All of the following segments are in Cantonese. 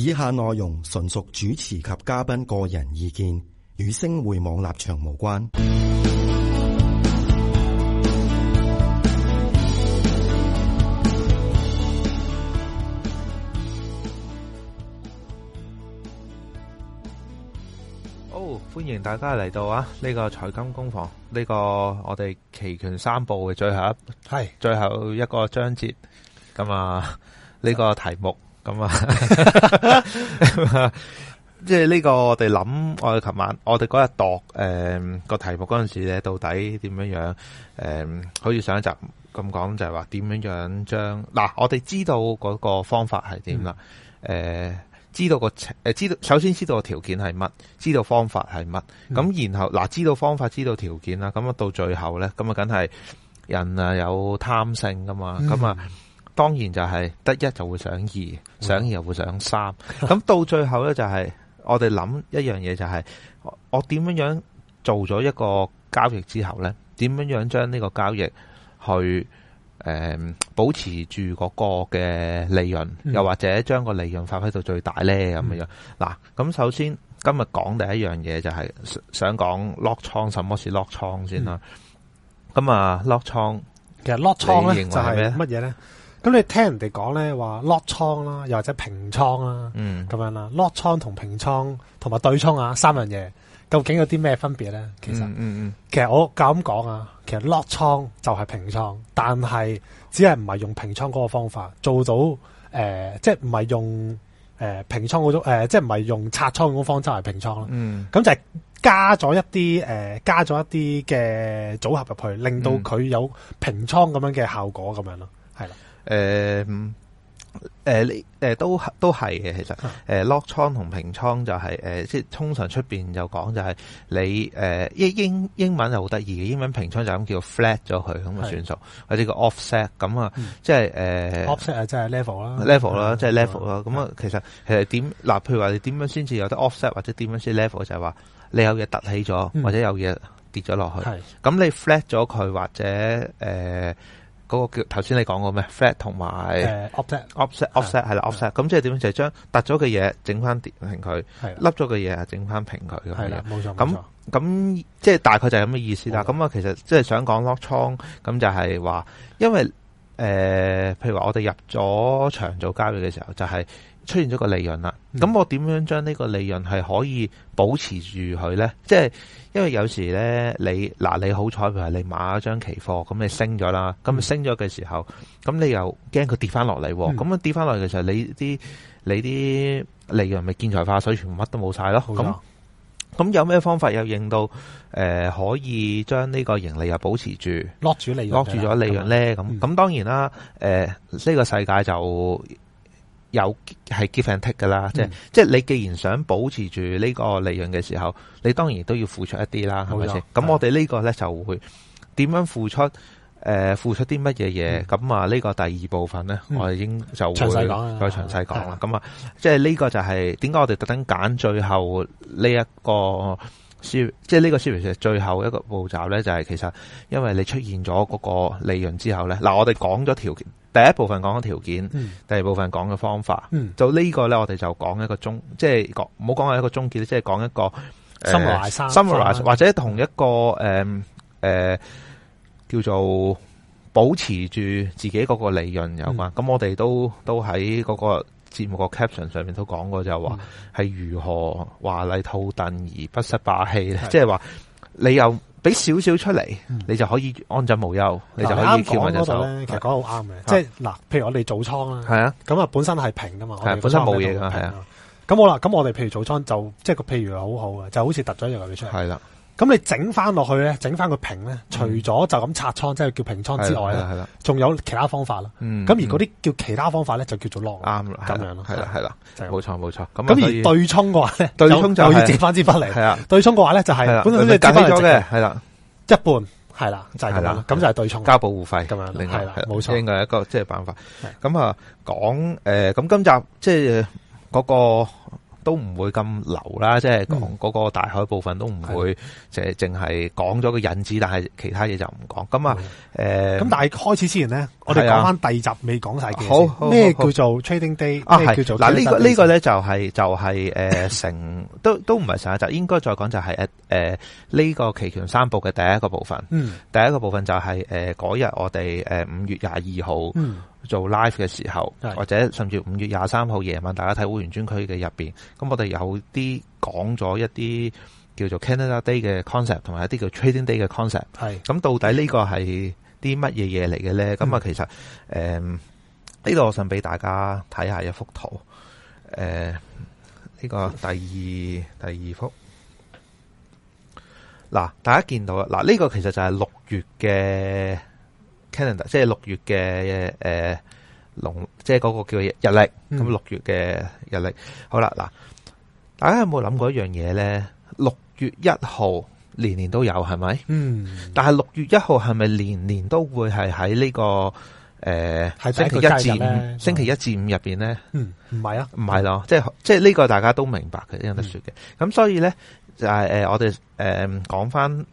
以下內容純屬主持及嘉賓個人意見，與星匯網立場無關。歡、哦、歡迎大家嚟到啊！呢個財金工房，呢、這個我哋期權三部嘅最後一係最後一個章節咁啊，呢個題目。 咁啊，即係呢個我哋諗，我哋琴晚我哋嗰日度誒個、呃、題目嗰陣時咧，到底點樣樣？誒、呃，好似上一集咁講，就係話點樣樣將嗱，我哋知道嗰個方法係點啦，誒、嗯呃，知道個誒、呃，知道首先知道個條件係乜，知道方法係乜，咁、嗯、然後嗱，知道方法知道條件啦，咁啊到最後咧，咁啊，梗係人啊有貪性噶嘛，咁、嗯、啊。嗯當然就係得一就會想二，想二又會想三。咁 到最後呢，就係我哋諗一樣嘢，就係我點樣做咗一個交易之後呢？點樣將呢個交易去誒、呃、保持住嗰個嘅利潤，又或者將個利潤發揮到最大呢？咁、嗯、樣。嗱，咁首先今日講第一樣嘢就係想講 Lock 倉，什麼是 Lock 倉先啦？咁、嗯、啊，Lock 倉其實 Lock 倉咧就係乜嘢呢咁你聽人哋講咧，話 Lock 倉啦，又或者平倉啦，咁、嗯、樣啦，Lock 倉同平倉同埋對倉啊，三樣嘢究竟有啲咩分別咧？其實，嗯嗯、其實我咁講啊，其實 Lock 倉就係平倉，但係只係唔係用平倉嗰個方法做到，誒、呃，即係唔係用誒、呃、平倉嗰種，誒、呃，即係唔係用拆倉嗰種方式係平倉咯。咁、嗯、就係加咗一啲，誒、呃，加咗一啲嘅組合入去，令到佢有平倉咁樣嘅效果咁樣咯，係啦。誒、呃，誒、呃，呢，誒，都，都係嘅，其實，誒，lock 倉同平倉就係、是，誒、呃，即係通常出邊就講就係，你，誒，英，英，英文就好得意嘅，英文平倉就咁叫 flat 咗佢，咁嘅算數，或者叫 offset 咁啊、嗯，即係，誒、呃、，offset 啊、嗯，即、就、係、是、level 啦、嗯就是、，level 啦，即係 level 啦，咁啊，其實，其實，其點，嗱，譬如話你點樣先至有得 offset，或者點樣先 level，就係話，你有嘢凸起咗、嗯，或者有嘢跌咗落去，咁你 flat 咗佢或者，誒、呃。嗰、那個叫頭先你講個咩？flat 同埋 offset, offset, offset 係啦，offset, Offset, Offset。咁即係點樣？就係將凸咗嘅嘢整翻平佢，係凹咗嘅嘢整翻平佢。係啦，冇錯，咁咁即係大概就係咁嘅意思啦。咁啊，其實即係想講 Lock 倉，咁就係話，因為誒、呃，譬如話我哋入咗場做交易嘅時候，就係、是。出現咗個利潤啦，咁我點樣將呢個利潤係可以保持住佢咧？即、嗯、係因為有時咧，你嗱你好彩，譬如你買咗張期貨，咁你升咗啦，咁、嗯、升咗嘅時候，咁你又驚佢跌翻落嚟，咁啊跌翻落嚟嘅時候，你啲、嗯、你啲利潤咪見財化水全部乜都冇晒咯。咁、嗯、咁、嗯、有咩方法又認到誒、呃，可以將呢個盈利又保持住 lock 住利潤，lock 住咗利潤咧？咁、嗯、咁當然啦，誒、呃、呢、這個世界就。有係 give and take 㗎啦，即係、嗯、即係你既然想保持住呢個利潤嘅時候，你當然都要付出一啲啦，係咪先？咁我哋呢個咧就會點樣付出？誒、呃，付出啲乜嘢嘢？咁啊，呢個第二部分咧，嗯、我哋已經就會再詳細講啦。咁啊，即係呢個就係點解我哋特登揀最後呢一個 series, 即係呢個 series 最後一個步驟咧，就係、是、其實因為你出現咗嗰個利潤之後咧，嗱，我哋講咗條件。第一部分講嘅條件，第二部分講嘅方法，嗯、就呢個咧，我哋就講一個終，即係講唔好講係一個終結，即係講一個 summarize 或者同一個誒誒、呃、叫做保持住自己嗰個利潤有關。咁、嗯、我哋都都喺嗰個節目個 caption 上面都講過就話係如何華麗套戥而不失霸氣咧、嗯，即係話你有。俾少少出嚟、嗯，你就可以安枕無憂，你就可以跳埋就走。對其實講得、就是、好啱嘅，即係嗱，譬如我哋 Lock 倉啦，係啊，咁啊本身係平噶嘛，本身冇嘢噶，係啊，咁好啦，咁我哋譬如 Lock 倉就即係個譬如好好嘅，就好似突咗一樣嘢出嚟，係啦。咁你整翻落去咧，整翻個平咧，除咗就咁拆倉，即係叫平倉之外咧，仲有其他方法啦。咁、嗯、而嗰啲叫其他方法咧，就叫做浪。啱、嗯、啦，咁樣咯。係啦，係啦，就冇錯冇錯。咁而對沖嘅話咧，對沖就是、要接翻支筆嚟。係啊，對沖嘅話咧就係、是，咁你減咗嘅，係啦、就是，一半係啦，就係咁啦。咁就係、是、對沖交保護費咁樣，另外係啦，冇錯，另外一個即係辦法。咁啊，講誒，咁今集即係嗰個。都唔會咁流啦，即係講嗰個大海部分都唔會，即係淨係講咗個引子，但係其他嘢就唔講。咁、嗯、啊，誒、呃，咁但係開始之前咧，我哋講返第二集未講晒嘅，咩叫做 Trading Day 啊？係嗱，呢、這個呢、這個咧就係、是、就係、是、誒、就是呃、 成都都唔係成一集，應該再講就係誒呢個期權三部嘅第一個部分。嗯，第一個部分就係誒嗰日我哋誒五月廿二號。嗯做 live 嘅時候，或者甚至五月廿三號夜晚，大家睇會員專區嘅入邊，咁我哋有啲講咗一啲叫做 Canada Day 嘅 concept，同埋一啲叫 Trading Day 嘅 concept。係咁，到底呢個係啲乜嘢嘢嚟嘅咧？咁、嗯、啊，其實誒呢度我想俾大家睇下一幅圖，誒、呃、呢個第二第二幅嗱，大家見到啦，嗱呢個其實就係六月嘅。Canada 即係六月嘅誒農，即係嗰個叫日曆。咁、嗯、六月嘅日曆，好啦嗱，大家有冇諗過一樣嘢咧？六月一號年年都有係咪？嗯。但係六月一號係咪年年都會係喺呢個誒？係、呃、星期一至五。嗯、星期一至五入邊咧？嗯，唔係啊，唔係咯，即係即係呢個大家都明白嘅，有得說嘅。咁、嗯、所以咧就係、是、誒、呃，我哋誒、呃、講翻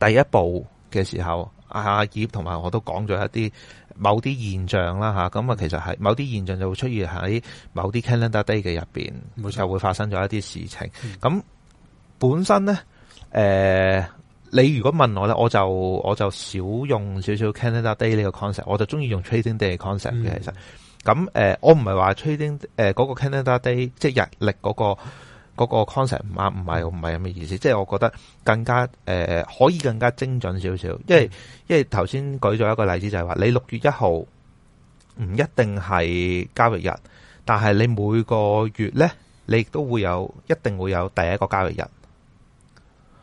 第一步嘅時候。阿、啊、葉同埋，我都講咗一啲某啲現象啦吓，咁啊其實係某啲現象就會出現喺某啲 calendar day 嘅入邊，就會發生咗一啲事情。咁、嗯、本身咧，誒、呃、你如果問我咧，我就我就少用少少 calendar day 呢個 concept，我就中意用 trading day 嘅 concept 嘅。其實咁誒、呃，我唔係話 trading 誒、呃、嗰、那個 calendar day 即日曆嗰、那個。嗰個 concept 唔啱，唔係唔係咁嘅意思，即係我覺得更加誒可以更加精準少少，因為因為頭先舉咗一個例子就係話你六月一號唔一定係交易日，但係你每個月咧，你亦都會有一定會有第一個交易日，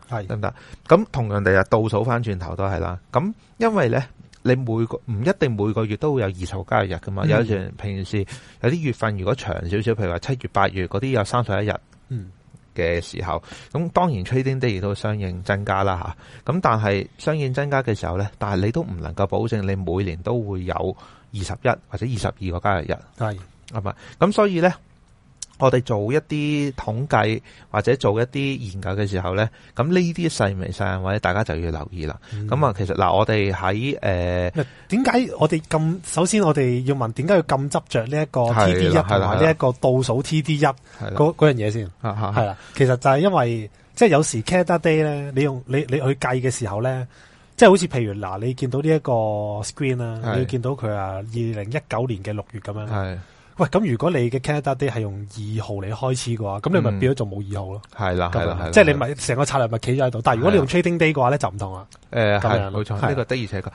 係得唔得？咁同樣哋啊，倒數翻轉頭都係啦。咁因為咧，你每個唔一定每個月都會有二十個交易日噶嘛，有時平時有啲月份如果長少少，譬如話七月八月嗰啲有三十一日。嗯嘅時候，咁當然 Trading Day 亦都相應增加啦吓，咁但係相應增加嘅時候咧，但係你都唔能夠保證你每年都會有二十一或者二十二個交易日，係啱唔啱？咁所以咧，我哋做一啲統計或者做一啲研究嘅時候咧，咁呢啲細微上，或者大家就要留意啦。咁啊，其實嗱，我哋喺誒點解我哋咁？首先我哋要問點解要咁執着呢一個 T D 一同埋呢一個倒數 T D 一嗰樣嘢先。係啦，其實就係因為即係有時 care day 咧，你用你你去計嘅時候咧，即係好似譬如嗱，你見到呢一個 screen 啦，你會見到佢啊二零一九年嘅六月咁樣。喂，咁如果你嘅 Canada Day 係用二號嚟開始嘅話，咁你咪變咗做冇二號咯。係、嗯、啦，係啦，即係、就是、你咪成個策略咪企咗喺度。但係如果你用 Trading Day 嘅話咧、呃，就唔同啦。誒、就、係、是，冇錯，呢個的而且確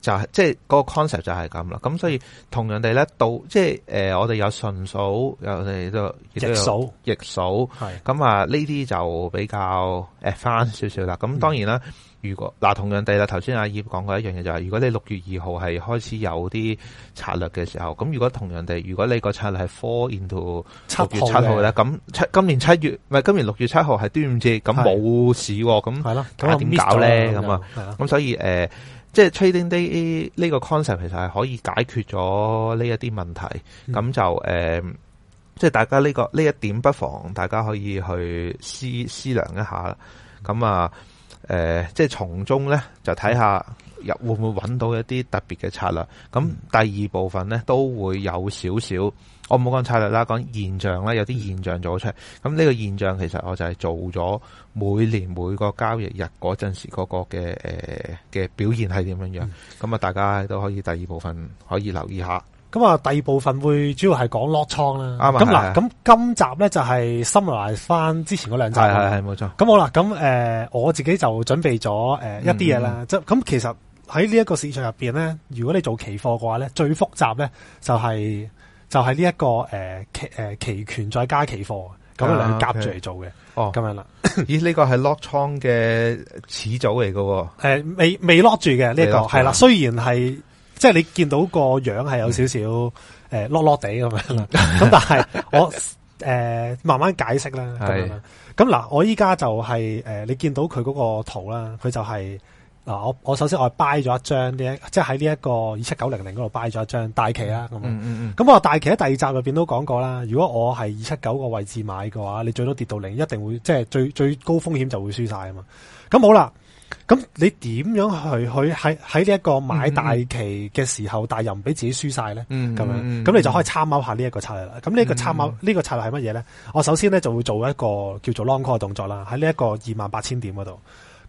就係即係嗰個 concept 就係咁啦。咁所以同樣地呢到即係誒，我哋有純數，有哋都逆數，逆數，咁啊。呢啲就比較誒翻少少啦。咁當然啦。嗯如果嗱、啊，同樣地啦，頭先阿葉講過一樣嘢，就係如果你六月二號係開始有啲策略嘅時候，咁如果同樣地，如果你個策略係 fall into 六月七號咧，咁七今年七月唔係今年六月七號係端午節，咁冇市喎，咁點搞咧？咁啊，咁所以誒、呃，即係 trading day 呢個 concept 其實係可以解決咗呢一啲問題，咁、嗯、就誒、呃，即係大家呢、這個呢一點不妨大家可以去思思量一下啦，咁、嗯、啊。誒、呃，即係從中呢，就睇下入會唔會揾到一啲特別嘅策略。咁第二部分呢，都會有少少，我唔好講策略啦，講現象啦，有啲現象做出嚟。咁呢個現象其實我就係做咗每年每個交易日嗰陣時嗰個嘅嘅表現係點樣樣。咁啊，大家都可以第二部分可以留意下。咁啊，第二部分會主要係講 lock 倉啦。啱咁嗱，咁今集咧就係 summarize 翻之前嗰兩集。係係係冇錯。咁好啦，咁誒、呃，我自己就準備咗誒一啲嘢啦。即、嗯、咁其實喺呢一個市場入邊咧，如果你做期貨嘅話咧，最複雜咧就係、是、就係呢一個誒、呃、期誒、呃、期權再加期貨，咁樣兩夾住嚟做嘅。哦，咁樣啦。咦，呢個係 lock 倉嘅始祖嚟嘅？誒，未未 lock 住嘅呢、這個係啦、嗯，雖然係。即係你見到個樣係有少少誒囉囉地咁樣啦，咁但係我誒慢慢解釋啦，咁嗱，我依家就係誒你見到佢嗰個圖啦，佢就係嗱我我首先我 buy 咗一張呢，即係喺呢一個二七九零零嗰度 buy 咗一張大旗啦。咁咁、嗯嗯嗯、我話大旗喺第二集入邊都講過啦，如果我係二七九個位置買嘅話，你最多跌到零，一定會即係最最高風險就會輸晒啊嘛。咁好啦。咁你點樣去去喺喺呢一個買大期嘅時候，但又唔俾自己輸晒咧？嗯。咁樣咁你就可以參考下呢一個策略啦。咁呢個參考呢個策略係乜嘢咧？我首先咧就會做一個叫做 long call 嘅動作啦，喺呢一個二萬八千點嗰度。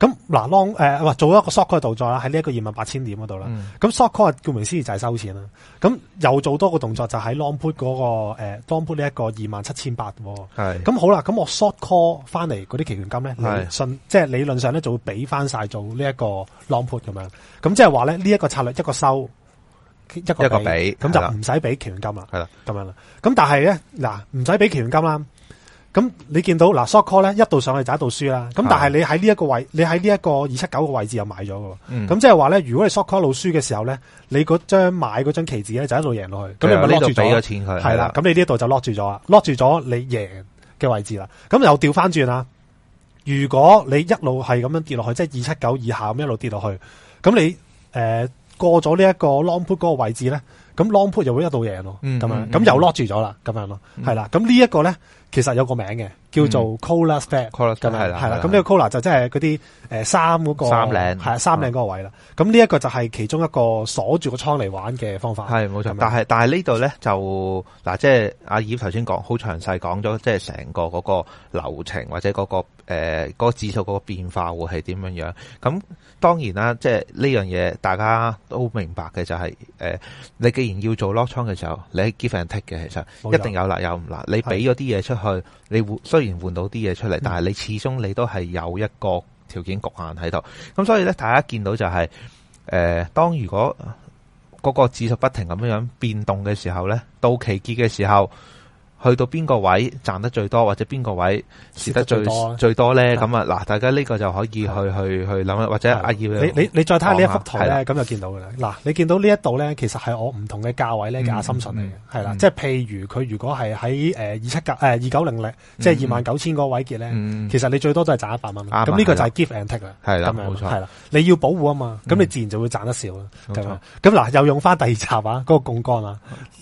咁嗱 long 做一個 short call 動作啦，喺呢一個二萬八千點嗰度啦。咁 short call 叫名先就係收錢啦。咁又做多個動作，就喺 long put 嗰、那個欸個，哦、個 long put 呢、這個、一個二萬七千八。係。咁好啦，咁我 short call 翻嚟嗰啲期權金咧，信即係理論上咧就會俾翻曬做呢一個 long put 咁樣。咁即係話咧，呢一個策略一個收一個一個俾，咁就唔使俾期權金啦。啦，咁樣啦。咁但係咧，嗱唔使俾期權金啦。咁、嗯、你見到嗱 short call 咧，一度上去就一度輸啦。咁但係你喺呢一個位，你喺呢一個二七九個位置又買咗㗎喎。咁即係話咧，如果你 short call 一路輸嘅時候咧，你嗰張買嗰張旗子咧就一路贏落去。咁、嗯、你咪 lock 住咗。係啦，咁你呢一度就 lock 住咗，lock 住咗你贏嘅位置啦。咁又調翻轉啦。如果你一路係咁樣跌落去，即係二七九以下咁一路跌落去，咁你、呃、過咗呢一個 long put 嗰個位置咧，咁 long put 就會一度贏咯。咁、嗯嗯嗯嗯、樣咁又 lock 住咗啦。咁樣咯，係啦。咁呢一個咧。其實有個名嘅，叫做 Collar 咁係啦，係啦。咁呢個 Collar 就即係嗰啲誒衫嗰個衫領，係衫領嗰個位啦。咁呢一個就係其中一個鎖住個倉嚟玩嘅方法。係冇錯，但係但係呢度咧就嗱，即係阿葉頭先講好詳細講咗，即係成個嗰個流程或者嗰、嗰個誒、呃嗰個指數嗰個變化會係點樣樣。咁當然啦，即係呢樣嘢大家都明白嘅就係、是、誒、呃，你既然要做 Lock 倉嘅時候，你 give and take 嘅，其實一定有辣有唔辣，你俾咗啲嘢出去。去你換，雖然換到啲嘢出嚟，但係你始終你都係有一個條件局限喺度。咁所以呢，大家見到就係、是，誒、呃，當如果嗰個指數不停咁樣變動嘅時候呢，到期結嘅時候。去到邊個位賺得最多，或者邊個位蝕得，得最多、啊、最多咧？咁啊嗱，大家呢個就可以去去去諗啦，或者阿耀你你你再睇下呢一幅圖咧，咁就見到噶啦。嗱，你見到這裡呢一度咧，其實係我唔同嘅價位咧嘅壓心線嚟嘅，係、嗯、啦。嗯、即係譬如佢如果係喺誒二七格誒、呃、二九零零，即係二萬九千個位結咧，嗯、其實你最多都係賺一百蚊。咁呢個就係 give and take 啦，係啦，冇錯，係啦。你要保護啊嘛，咁你自然就會賺得少啦。咁、嗯、嗱，又用翻第二集啊，嗰、那個槓桿啊，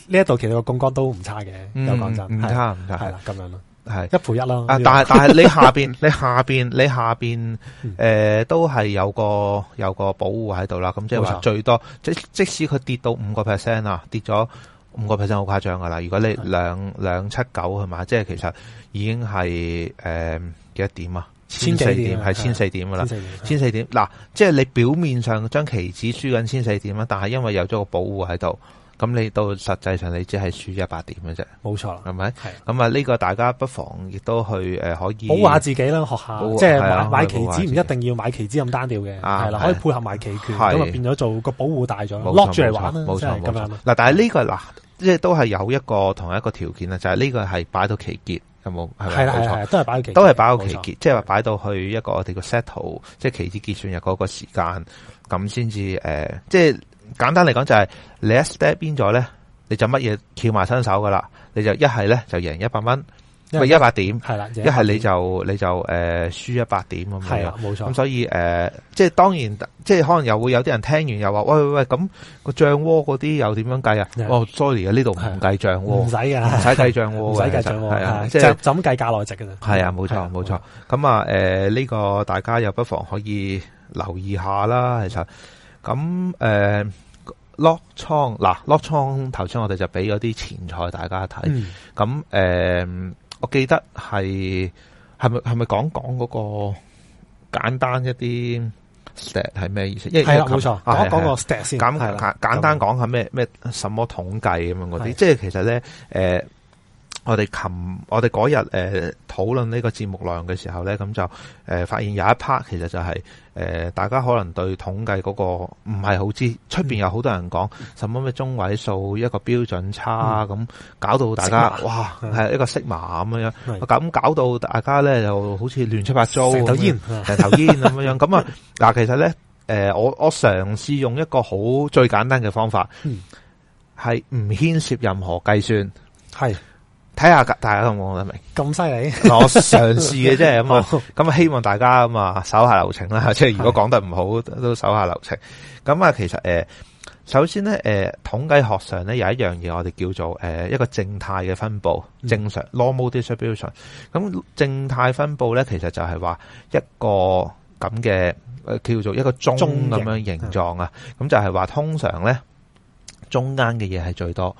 呢一度其實個槓桿都唔差嘅，有、嗯、講唔差唔差，係啦，咁樣咯，係一賠一啦、啊。啊，但係 但係你下邊你下邊你下邊誒、呃、都係有個有個保護喺度啦。咁即係話最多，即即使佢跌到五個 percent 啊，跌咗五個 percent 好誇張噶啦。如果你兩兩七九係嘛，即係其實已經係誒幾多點啊，千四點係千四點噶啦，千四點嗱、啊，即係你表面上將期指輸緊千四點啦，但係因為有咗個保護喺度。咁你到實際上，你只係輸一百點嘅啫。冇錯啦，係咪？係。咁啊，呢個大家不妨亦都去可以，保下自己啦，學下。即係買買期指，唔一定要買期指咁單調嘅。啊，係啦，可以配合埋期權咁啊，變咗做個保護大咗，lock 住嚟玩啦，即係咁樣，冇錯，冇錯。但係呢個嗱，即係都係有一個同一個條件啊，就係呢個係擺到期結有冇？係啦，係啦，都係擺到期，都係擺到期結，即係話擺到去一個我哋個 settle，即係期指結算日嗰個時間，咁先至即係。簡單嚟講就係、是、你一 step 邊咗咧，你就乜嘢翹埋新手噶啦，你就一係咧就贏一百蚊，因為一百點，係啦，一、就、係、是、你就你就誒輸一百點咁樣，係啊，冇錯。咁所以誒、呃，即係當然，即係可能又會有啲人聽完又話，喂喂，咁個漲窩嗰啲又點樣計啊？哦，sorry 啊，呢度唔計漲窩，唔使噶，唔使計漲，唔使計漲，係啊，即係就咁計價內值噶係係啊，冇錯冇錯。咁啊，誒呢、嗯嗯呃這個大家又不妨可以留意下啦，其實。咁 l o o Lock 倉，嗱，Lock 倉，頭先，我哋就俾咗啲前菜大家睇。咁、嗯、誒、呃，我記得係係咪係咪講講嗰個簡單一啲 stat 係咩意思？係啦，冇錯，我講個 stat 先下。咁簡簡單講下咩咩什麼統計咁樣嗰啲，即係其實咧誒。呃我哋琴，我哋嗰日誒討論呢個節目內容嘅時候咧，咁就誒、呃、發現有一 part 其實就係、是、誒、呃、大家可能對統計嗰個唔係好知，出邊有好多人講什麼咩中位數、一個標準差咁、嗯，搞到大家、嗯、哇係一個 Sigma 咁樣，咁搞到大家咧就好似亂七八糟，成頭、嗯、頭煙，成頭煙咁樣咁啊。嗱，其實咧誒、呃、我我嘗試用一個好最簡單嘅方法，係、嗯、唔牽涉任何計算，係。睇下大家可唔可明？咁犀利，我嘗試嘅啫，咁咁啊，希望大家咁啊，手下留情啦。即係如果講得唔好，都手下留情。咁啊，其實誒、呃，首先咧誒、呃，統計學上咧有一樣嘢，我哋叫做誒、呃、一個正態嘅分布、嗯，正常 normal distribution。咁正態分布咧，其實就係話一個咁嘅、呃、叫做一個鐘咁樣形狀啊。咁、嗯、就係話通常咧。中間嘅嘢係最多，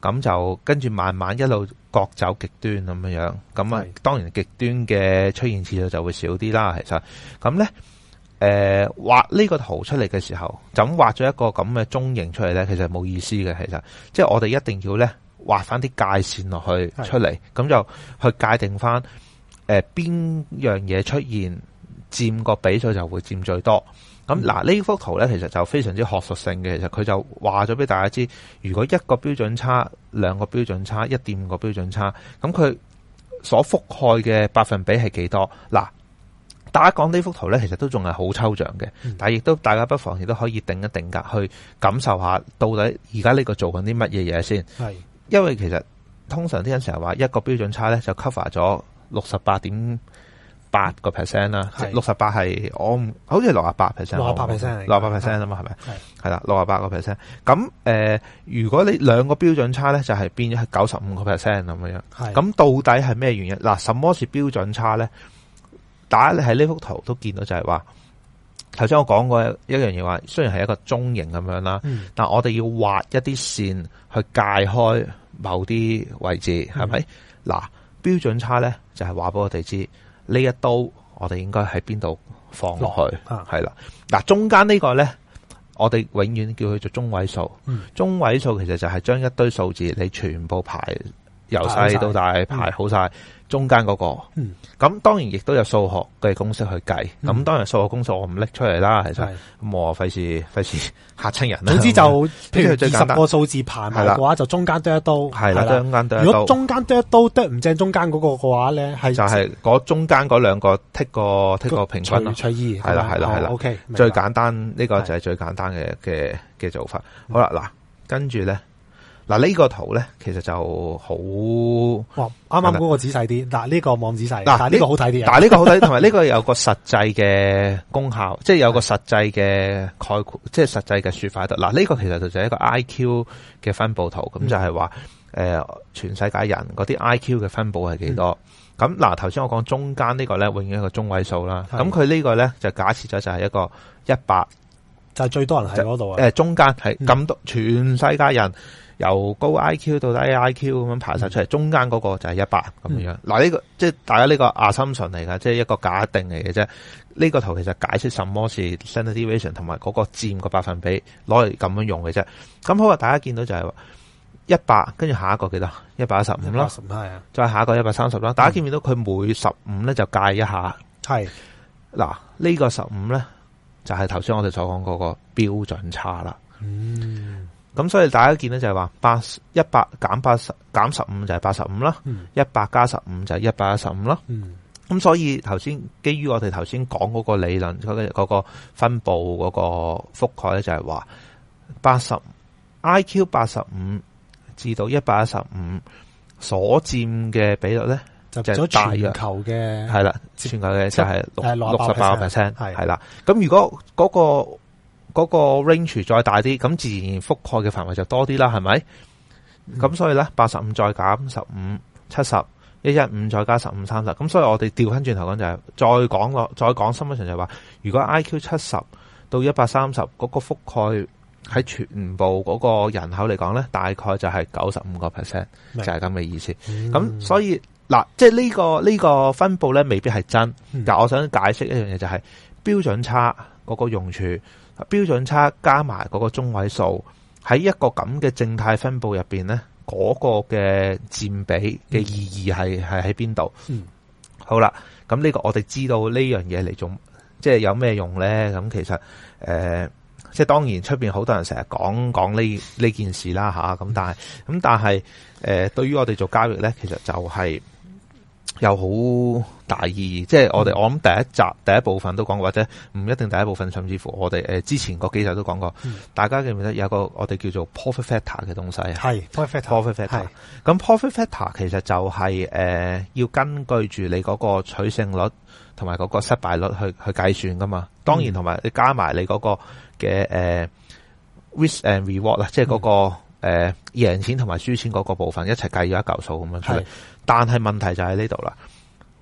咁就跟住慢慢一路各走極端咁樣樣，咁啊當然極端嘅出現次數就會少啲啦。其實咁呢，誒畫呢個圖出嚟嘅時候，就咁畫咗一個咁嘅中型出嚟呢，其實冇意思嘅。其實即係我哋一定要呢，畫翻啲界線落去出嚟，咁就去界定翻誒邊樣嘢出現佔個比數就會佔最多。咁、嗯、嗱，呢幅圖咧，其實就非常之學術性嘅。其實佢就話咗俾大家知，如果一個標準差、兩個標準差、一點五個標準差，咁佢所覆蓋嘅百分比係幾多？嗱，大家講呢幅圖咧，其實都仲係好抽象嘅、嗯，但係亦都大家不妨亦都可以定一定格去感受下，到底而家呢個做緊啲乜嘢嘢先。係，因為其實通常啲人成日話一個標準差咧就 cover 咗六十八點。八個 percent 啦，六十八係我唔，好似六十八 percent，六十八 percent，六十八 percent 啊嘛，係咪、啊？係係啦，六十八個 percent。咁誒、呃，如果你兩個標準差咧，就係、是、變咗係九十五個 percent 咁樣。係咁到底係咩原因？嗱，什麼是標準差咧？大家你喺呢幅圖都見到就，就係話，頭先我講過一樣嘢話，雖然係一個中型咁樣啦、嗯，但我哋要畫一啲線去界開某啲位置，係、嗯、咪？嗱，標準差咧就係話俾我哋知。呢一刀，我哋應該喺邊度放落去？係、啊、啦，嗱，中間呢、呢個呢，我哋永遠叫佢做中位數、嗯。中位數其實就係將一堆數字，你全部排，由細到大排好晒。中間嗰、那個，咁、嗯、當然亦都有數學嘅公式去計。咁、嗯、當然數學公式我唔拎出嚟啦、嗯，其實，咁我費事費事嚇親人。總之就，譬如二十個數字排埋嘅話，就中間得一刀。係啦，中間一刀。如果中間得一刀得唔正中間嗰個嘅話咧，係就係、是、嗰中間嗰兩個剔個剔個平均。除。係啦係啦係啦。哦哦、o、okay, K，最簡單呢、這個就係最簡單嘅嘅嘅做法。好、嗯、啦嗱，跟住咧。嗱、這、呢個圖咧，其實就好，啱啱嗰個仔細啲。嗱呢、這個網仔細，嗱呢、這個好睇啲。但係呢個好睇，同埋呢個有個實際嘅功效， 即係有個實際嘅概括，即係實際嘅說法得，嗱、這、呢個其實就就係一個 I Q 嘅分布圖，咁、嗯、就係、是、話，誒、呃、全世界人嗰啲 I Q 嘅分布係幾多？咁、嗯、嗱，頭先我講中間個呢個咧，永遠一個中位數啦。咁佢呢個咧就假設咗就係一個一百。就係最多人喺嗰度啊！誒，中間係咁多全世界人，由高 IQ 到低 IQ 咁樣排晒出嚟，中間嗰個就係一百咁樣。嗱，呢個即係大家呢個阿心神嚟㗎，即係一個假定嚟嘅啫。呢個圖其實解釋什麼是 standard deviation 同埋嗰個佔個百分比攞嚟咁樣用嘅啫。咁好啊，大家見到就係話一百，跟住下一個幾多？一百一十五啦，係啊。再下一個一百三十啦，大家見唔見到佢每十五咧就計一下？係嗱，呢個、15呢個十五咧。就係頭先我哋所講嗰個標準差啦。咁、嗯、所以大家見到就係話八一百減八十減十五就係八十五啦，一百加十五就係一百一十五啦。咁、嗯、所以頭先基於我哋頭先講嗰個理論，嗰、嗰個分布，嗰個覆蓋咧，就係話八十 I Q 八十五至到一百一十五所佔嘅比率咧。就係全球嘅，係啦，全球嘅就係六六十八個 percent，係啦。咁如果嗰、嗰個 range、嗰個、再大啲，咁自然覆蓋嘅範圍就多啲啦，係咪？咁、嗯、所以咧，八十五再減十五，七十，一一五再加十五，三十。咁所以我哋調翻轉頭講就係、是，再講落，再講，根本上就係、是、話，如果 IQ 七十到一百三十，嗰個覆蓋喺全部嗰個人口嚟講咧，大概就係九十五個 percent，就係咁嘅意思。咁、嗯、所以。嗱，即係呢個呢個分佈咧，未必係真。但我想解釋一樣嘢就係標準差嗰個用處，標準差加埋嗰個中位數喺一個咁嘅正態分佈入邊咧，嗰個嘅佔比嘅意義係係喺邊度？好啦，咁呢個我哋知道呢樣嘢嚟做，即係有咩用咧？咁其實誒，即係當然出邊好多人成日講講呢呢件事啦吓，咁但係咁但係誒，對於我哋做交易咧，其實就係。又好大意義，即、就、係、是、我哋我諗第一集第一部分都講，或者唔一定第一部分，甚至乎我哋誒、呃、之前個記者都講過，嗯、大家記唔記得有個我哋叫做 profit factor 嘅東西係係 profit factor。咁 profit factor 其實就係、是、誒、呃、要根據住你嗰個取勝率同埋嗰個失敗率去去計算噶嘛。當然同埋你加埋你嗰個嘅誒、呃、risk and reward 啦、嗯那個，即係嗰個誒贏錢同埋輸錢嗰個部分一齊計咗一嚿數咁樣出嚟。但係問題就喺呢度啦，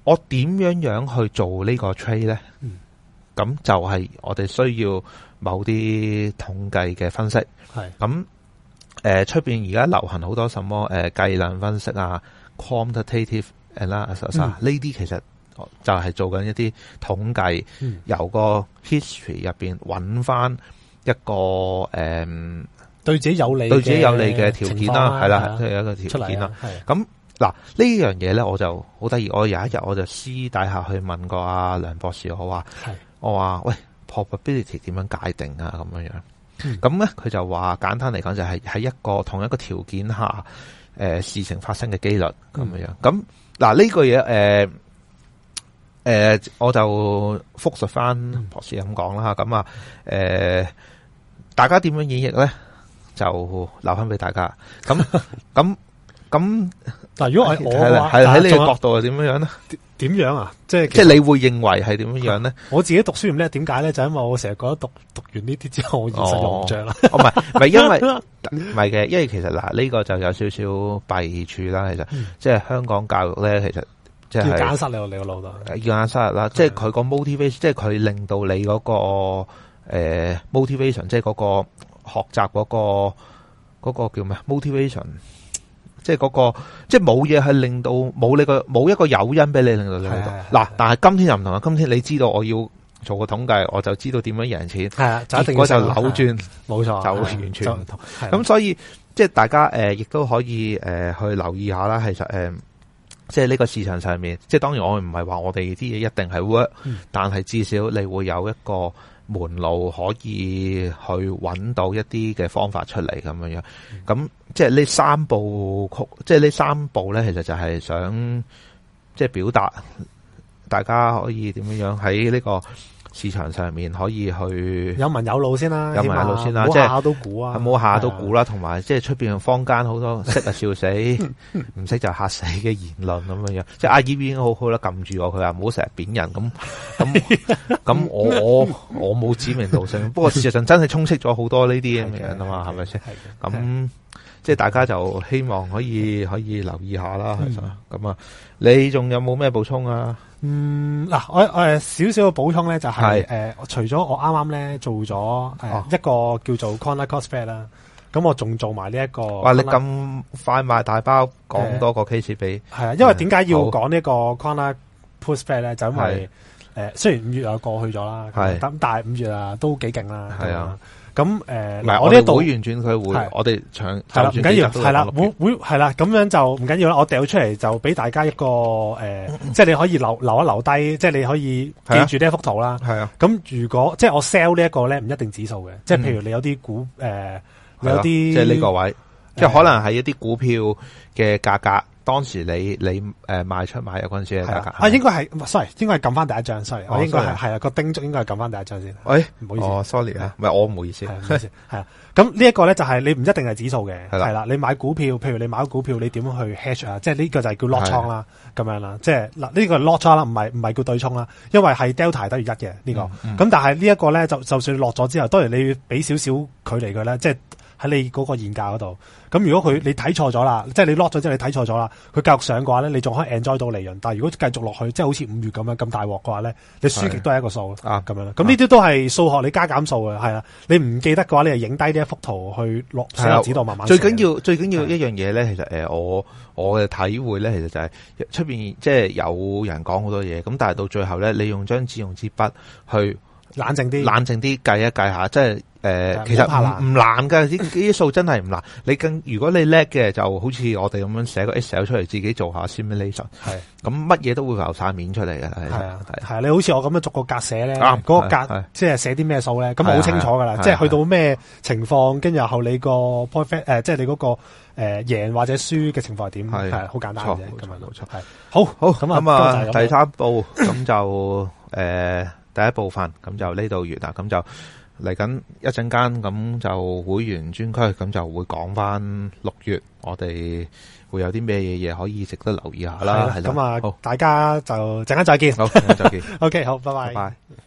我點樣樣去做呢個 trade 咧？咁、嗯、就係我哋需要某啲統計嘅分析。係咁、嗯，誒、呃、出面而家流行好多什麼計量、呃、分析啊、quantitative analysis 呢啲，其實就係做緊一啲統計，嗯、由個 history 入面揾翻一個誒對自己有利、對自己有利嘅條件啦，係啦，即係、啊、一個條件啦。咁嗱，呢樣嘢咧，我就好得意。我有一日我就私底下去問過阿梁博士，我話，我話喂，probability 點樣界定啊？咁樣樣，咁咧佢就話簡單嚟講就係喺一個同一個條件下，誒、呃、事情發生嘅幾率咁樣樣。咁嗱呢個嘢，誒，誒、呃呃，我就復述翻博士咁講啦。咁、嗯、啊，誒、呃，大家點樣演繹咧？就留翻俾大家。咁，咁，咁。嗱，如果係我嘅，喺呢個角度係點樣咧？點樣啊？即係即係你會認為係點樣咧？我自己讀書唔叻，點解咧？就因為我成日覺得讀讀完呢啲之後，我現實用唔着啦。哦，唔係唔係，因為唔係嘅，因為其實嗱，呢、這個就有少少弊處啦。其實、嗯、即係香港教育咧，其實即、就、係、是、要減失你個你個腦袋，要減失啦。即係佢個 motivation，是的即係佢令到你嗰、那個誒、呃、motivation，即係嗰個學習嗰、那個嗰、那個叫咩？motivation。即係嗰、那個，即係冇嘢係令到冇你個冇一個誘因俾你令到你嗱、嗯，但係今天就唔同啦。今天你知道我要做個統計，我就知道點樣贏錢。係啊，結果就扭轉，冇錯，就完全唔同。咁所以即係大家亦都可以去留意一下啦。其實，即係呢個市場上面，即係當然我唔係話我哋啲嘢一定係 work，嗯、但係至少你會有一個門路可以去揾到一啲嘅方法出嚟咁樣樣，咁即係呢三部曲，即係呢三部咧，其實就係想即係表達大家可以點樣樣喺呢個。市場上面可以去有文有路先啦，有文有路先啦，即係下都估啊，係冇下都估啦，同埋即係出邊嘅坊間好多識啊，笑死，唔 識就嚇死嘅言論咁樣樣，即係阿姨已經好好啦，撳住我佢話，唔好成日扁人咁咁咁我我冇指名道姓，不過事實上真係充斥咗好多呢啲咁樣啊嘛，係咪先？咁即係大家就希望可以可以留意下啦，係咁啊，你仲有冇咩補充啊？嗯，嗱，我我少少嘅補充咧、就係，就係誒，除咗我啱啱咧做咗、呃哦、一個叫做 Corner Cosper 啦，咁我仲做埋呢一個。哇！你咁快賣大包，講多個 case 俾。係、呃、啊、嗯，因為點解要講呢個 Corner Pushback 咧？就因為誒、呃，雖然五月又過去咗啦，咁但係五月啊都幾勁啦。係啊。咁誒，唔係、呃、我呢一度完全佢會，啊、我哋搶係啦，唔、啊啊啊、緊要，係啦，會會係啦，咁樣就唔緊要啦。我掉出嚟就俾大家一個誒、呃嗯，即係你可以留留一留低，即係你可以記住呢一幅圖、啊、啦。係啊，咁如果即係我 sell 呢一個咧，唔一定指數嘅、啊，即係譬如你有啲股、呃啊、你有啲即係呢個位，呃、即係可能係一啲股票嘅價格。當時你你誒賣出買入軍資啊，應該係 sorry，啊啊、應該係撳翻第一張 sorry，我應該係係啊個丁足應該係撳翻第一張先。喂、哎，唔好意思，sorry 啊，唔係我唔好意思。係、哦、啊，咁呢一個咧就係你唔一定係指數嘅。係啦，你買股票，譬如你買股票你樣 hash，個，你點去 hedge 啊？即係呢個就係叫 lock 倉啦，咁樣啦。即係嗱，呢個 lock 倉啦，唔係唔係叫對沖啦，因為係 delta 等於一嘅呢、嗯這個。咁、嗯嗯、但係呢一個咧，就就算落咗之後，當然你要俾少少距離佢啦，即係。喺你嗰個現價嗰度，咁如果佢你睇錯咗啦，即係你 lock 咗之後你睇錯咗啦，佢繼續上嘅話咧，你仲可以 enjoy 到利潤。但係如果繼續落去，即係好似五月咁樣咁大鑊嘅話咧，你輸極都係一個數啊咁樣啦。咁呢啲都係數學，你加減數嘅係啦。你唔記得嘅話，你係影低呢一幅圖去落睇個指導慢慢。最緊要最緊要一樣嘢咧，其實誒我我嘅體會咧，其實就係出邊即係有人講好多嘢，咁但係到最後咧，你用張紙用支筆去。冷靜啲，冷靜啲，計一計下，即係誒，其實唔唔難噶，呢啲數真係唔難。你更如果你叻嘅，就好似我哋咁樣寫個 Excel 出嚟，自己做下 simulation。係，咁乜嘢都會流晒面出嚟嘅。係啊，係啊，你好似我咁樣逐個格寫咧，嗰、那個格即係寫啲咩數咧，咁好清楚噶啦。即係去到咩情況，跟住後你個 profit 誒，即係你嗰、那個誒贏、呃、或者輸嘅情況係點，係好簡單嘅。冇錯，冇錯，冇錯。係，好，好，咁啊，第三步咁就誒。 呃第一部分咁就呢度完啦，咁就嚟緊一陣間，咁就會員專區，咁就會講翻六月我哋會有啲咩嘢嘢可以值得留意下啦。咁啊，大家就陣間再見，好，再見。 OK，好，拜拜。Bye bye